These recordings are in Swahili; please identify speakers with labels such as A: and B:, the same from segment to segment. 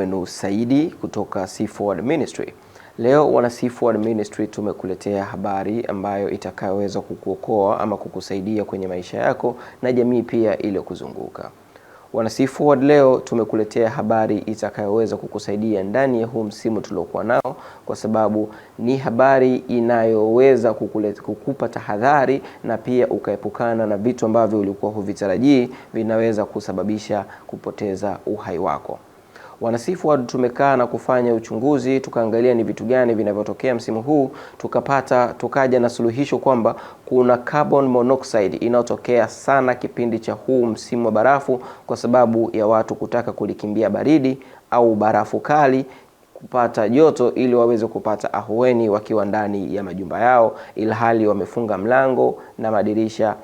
A: wenu Saidi kutoka Sea Forward Ministry. Leo wana Sea Forward Ministry tumekuletea habari ambayo itakayoweza kukuokoa ama kukusaidia kwenye maisha yako na jamii pia iliyokuzunguka. Wana Sea Forward leo tumekuletea habari itakayoweza kukusaidia ndani ya huu msimu tuliokuwa nao, kwa sababu ni habari inayoweza kukuleta, kukupa tahadhari na pia ukaepukana na vitu ambavyo ulikuwa huvitarajii vinaweza kusababisha kupoteza uhai wako. Wanasifu wadu, tumekaa na kufanya uchunguzi tukaangalia ni vitu gani vinavyotokea msimu huu, tukapata tukaja na suluhisho kwamba kuna carbon monoxide inayotokea sana kipindi cha huu msimu wa barafu, kwa sababu ya watu kutaka kulikimbia baridi au barafu kali kupata joto ili waweze kupata ahueni wakiwa ndani ya majumba yao, ilhali wamefunga mlango na madirisha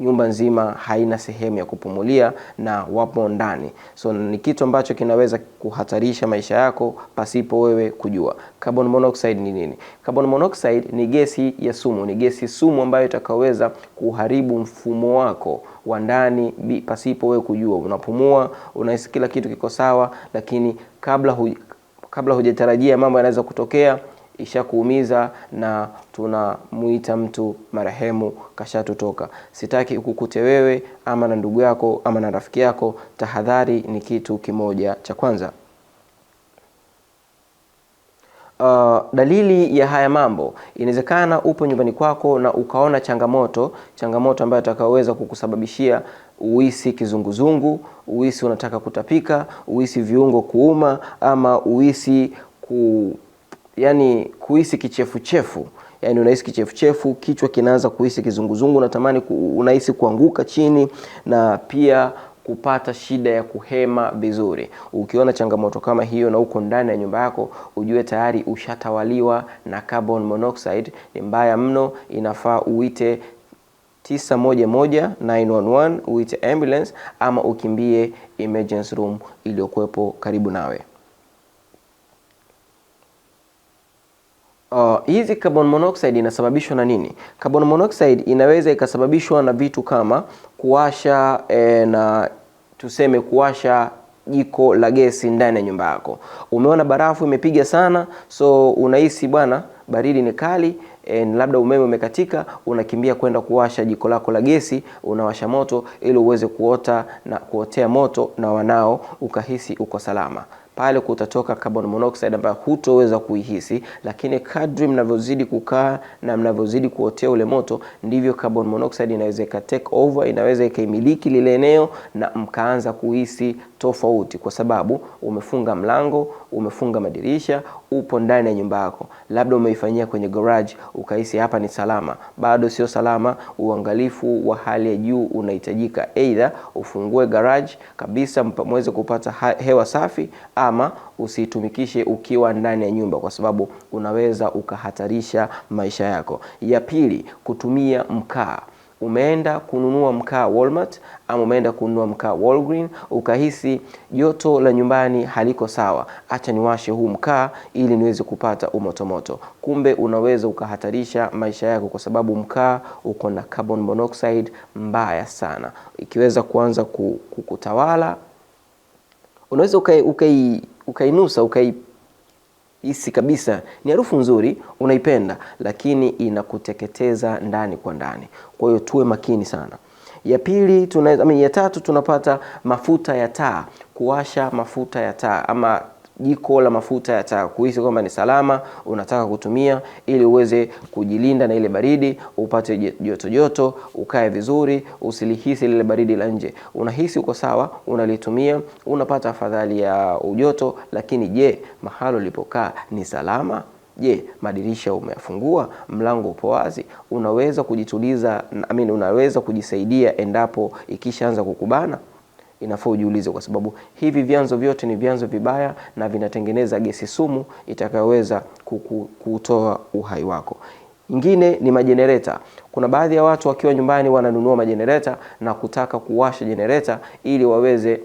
A: nyumba nzima haina sehemu ya kupumulia na wapo ndani. So ni kitu ambacho kinaweza kuhatarisha maisha yako pasipo wewe kujua. Carbon monoxide ni nini? Carbon monoxide ni gesi ya sumu, ni gesi sumu ambayo itakaweza kuharibu mfumo wako wa ndani pasipo wewe kujua. Unapumua, unahisi kila kitu kiko sawa, lakini kabla hu, kabla hujatarajia mambo yanaweza kutokea ishakuumiza na tunamuita mtu marehemu kashatutoka. Sitaki ukukute wewe ama na ndugu yako ama na rafiki yako. Tahadhari ni kitu kimoja cha kwanza. Uh, dalili ya haya mambo, inawezekana upo nyumbani kwako na ukaona changamoto, changamoto ambayo itakayoweza kukusababishia uhisi kizunguzungu, uhisi unataka kutapika, uhisi viungo kuuma ama uhisi ku yani kuhisi kichefuchefu yani unahisi kichefuchefu, kichwa kinaanza kuhisi kizunguzungu, natamani unahisi kuanguka chini na pia kupata shida ya kuhema vizuri. Ukiona changamoto kama hiyo na uko ndani ya nyumba yako, ujue tayari ushatawaliwa na carbon monoxide. Ni mbaya mno, inafaa uite 911 911, uite ambulance ama ukimbie emergency room iliyokuwepo karibu nawe. Uh, hizi carbon monoxide inasababishwa na nini? Carbon monoxide inaweza ikasababishwa na vitu kama kuwasha e, na tuseme kuwasha jiko la gesi ndani ya nyumba yako. Umeona barafu imepiga sana, so unahisi bwana baridi ni kali e, labda umeme umekatika, unakimbia kwenda kuwasha jiko lako la gesi, unawasha moto ili uweze kuota na kuotea moto na wanao, ukahisi uko salama pale kutatoka carbon monoxide ambayo hutoweza kuihisi, lakini kadri mnavyozidi kukaa na mnavyozidi kuotea ule moto, ndivyo carbon monoxide inaweza ika take over, inaweza ikaimiliki lile eneo na mkaanza kuhisi tofauti, kwa sababu umefunga mlango, umefunga madirisha upo ndani ya nyumba yako, labda umeifanyia kwenye garage ukahisi hapa ni salama, bado sio salama. Uangalifu wa hali ya juu unahitajika, aidha ufungue garage kabisa mweze kupata hewa safi, ama usitumikishe ukiwa ndani ya nyumba, kwa sababu unaweza ukahatarisha maisha yako. Ya pili, kutumia mkaa umeenda kununua mkaa Walmart ama umeenda kununua mkaa Walgreen, ukahisi joto la nyumbani haliko sawa, acha niwashe huu mkaa ili niweze kupata umotomoto. Kumbe unaweza ukahatarisha maisha yako, kwa sababu mkaa uko na carbon monoxide mbaya sana. Ikiweza kuanza kukutawala, unaweza ukainusa ukai hisi kabisa ni harufu nzuri, unaipenda, lakini inakuteketeza ndani kwa ndani. Kwa hiyo tuwe makini sana. Ya pili tuna, ya tatu tunapata mafuta ya taa, kuwasha mafuta ya taa ama jiko la mafuta ya taa, kuhisi kwamba ni salama, unataka kutumia ili uweze kujilinda na ile baridi, upate joto joto, ukae vizuri, usilihisi lile baridi la nje. Unahisi uko sawa, unalitumia, unapata afadhali ya ujoto, lakini je, mahali ulipokaa ni salama? Je, madirisha umeyafungua? Mlango upo wazi? Unaweza kujituliza, I mean, unaweza kujisaidia endapo ikishaanza kukubana inafaa ujiulize, kwa sababu hivi vyanzo vyote ni vyanzo vibaya na vinatengeneza gesi sumu itakayoweza kutoa uhai wako. Ingine ni majenereta. Kuna baadhi ya watu wakiwa nyumbani wananunua majenereta na kutaka kuwasha jenereta ili waweze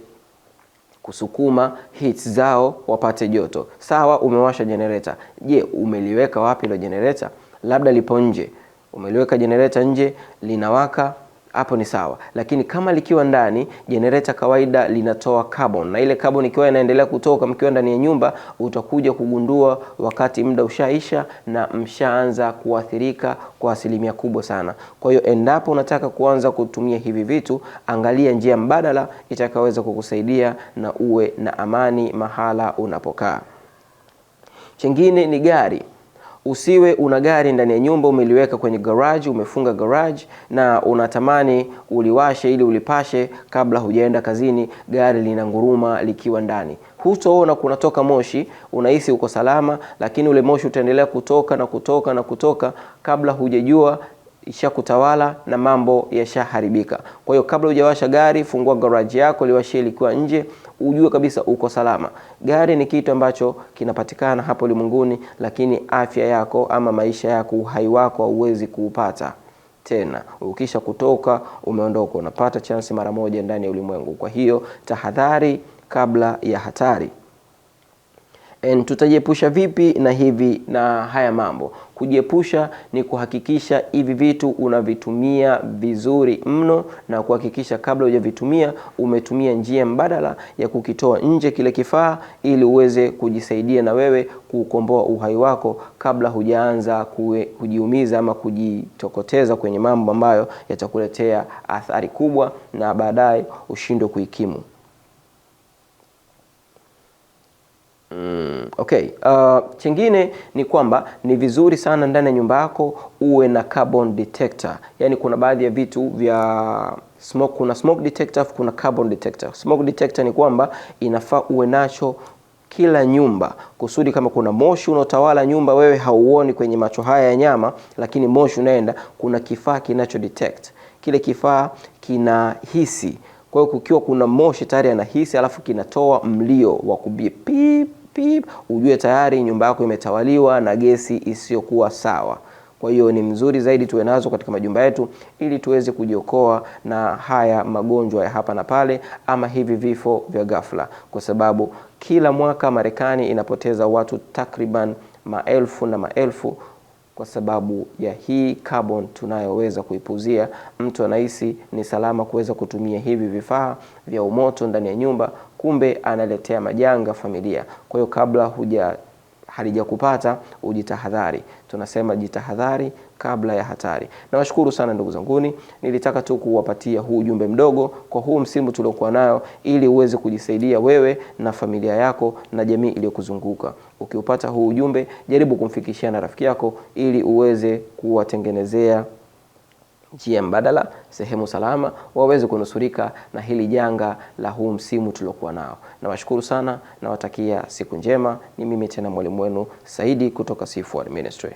A: kusukuma heat zao wapate joto. Sawa, umewasha jenereta. Je, umeliweka wapi lo jenereta? Labda lipo nje, umeliweka jenereta nje linawaka hapo ni sawa, lakini kama likiwa ndani, jenereta kawaida linatoa carbon, na ile carbon ikiwa inaendelea kutoka mkiwa ndani ya nyumba, utakuja kugundua wakati muda ushaisha na mshaanza kuathirika kwa asilimia kubwa sana. Kwa hiyo endapo unataka kuanza kutumia hivi vitu, angalia njia mbadala itakayoweza kukusaidia na uwe na amani mahala unapokaa. chingine ni gari. Usiwe una gari ndani ya nyumba, umeliweka kwenye garage, umefunga garage na unatamani uliwashe ili ulipashe kabla hujaenda kazini, gari lina nguruma likiwa ndani. Hutoona kunatoka moshi, unahisi uko salama, lakini ule moshi utaendelea kutoka na kutoka na kutoka, kabla hujajua ishakutawala na mambo yashaharibika. Kwa hiyo kabla hujawasha gari, fungua garage yako, liwashie likiwa nje, ujue kabisa uko salama. Gari ni kitu ambacho kinapatikana hapo ulimwenguni, lakini afya yako ama maisha yako, uhai wako hauwezi kuupata tena ukisha kutoka umeondoka, unapata chansi mara moja ndani ya ulimwengu. Kwa hiyo tahadhari kabla ya hatari. And e, tutajiepusha vipi na hivi na haya mambo? Kujiepusha ni kuhakikisha hivi vitu unavitumia vizuri mno, na kuhakikisha kabla hujavitumia umetumia njia mbadala ya kukitoa nje kile kifaa, ili uweze kujisaidia na wewe kukomboa uhai wako kabla hujaanza kujiumiza ama kujitokoteza kwenye mambo ambayo yatakuletea athari kubwa na baadaye ushindwe kuikimu. Mm, okay. Uh, chingine ni kwamba ni vizuri sana ndani ya nyumba yako uwe na carbon detector. Yaani kuna baadhi ya vitu vya smoke, kuna smoke detector, kuna carbon detector. Smoke detector ni kwamba inafaa uwe nacho kila nyumba kusudi kama kuna moshi unaotawala nyumba, wewe hauoni kwenye macho haya ya nyama, lakini moshi unaenda, kuna kifaa kinacho detect. Kile kifaa kinahisi kwa hiyo kukiwa kuna moshi tayari anahisi, alafu kinatoa mlio wa kubip pip, ujue tayari nyumba yako imetawaliwa na gesi isiyokuwa sawa. Kwa hiyo ni mzuri zaidi tuwe nazo katika majumba yetu ili tuweze kujiokoa na haya magonjwa ya hapa na pale ama hivi vifo vya ghafla, kwa sababu kila mwaka Marekani inapoteza watu takriban maelfu na maelfu kwa sababu ya hii carbon tunayoweza kuipuzia, mtu anahisi ni salama kuweza kutumia hivi vifaa vya umoto ndani ya nyumba, kumbe analetea majanga familia. Kwa hiyo kabla huja halijakupata ujitahadhari, tunasema jitahadhari kabla ya hatari. Nawashukuru sana ndugu zanguni, nilitaka tu kuwapatia huu ujumbe mdogo kwa huu msimu tuliokuwa nayo, ili uweze kujisaidia wewe na familia yako na jamii iliyokuzunguka. Ukiupata huu ujumbe, jaribu kumfikishia na rafiki yako, ili uweze kuwatengenezea njia mbadala, sehemu salama, waweze kunusurika na hili janga la huu msimu tuliokuwa nao. Nawashukuru sana, nawatakia siku njema. Ni mimi tena mwalimu wenu Saidi kutoka Seaforth Ministry.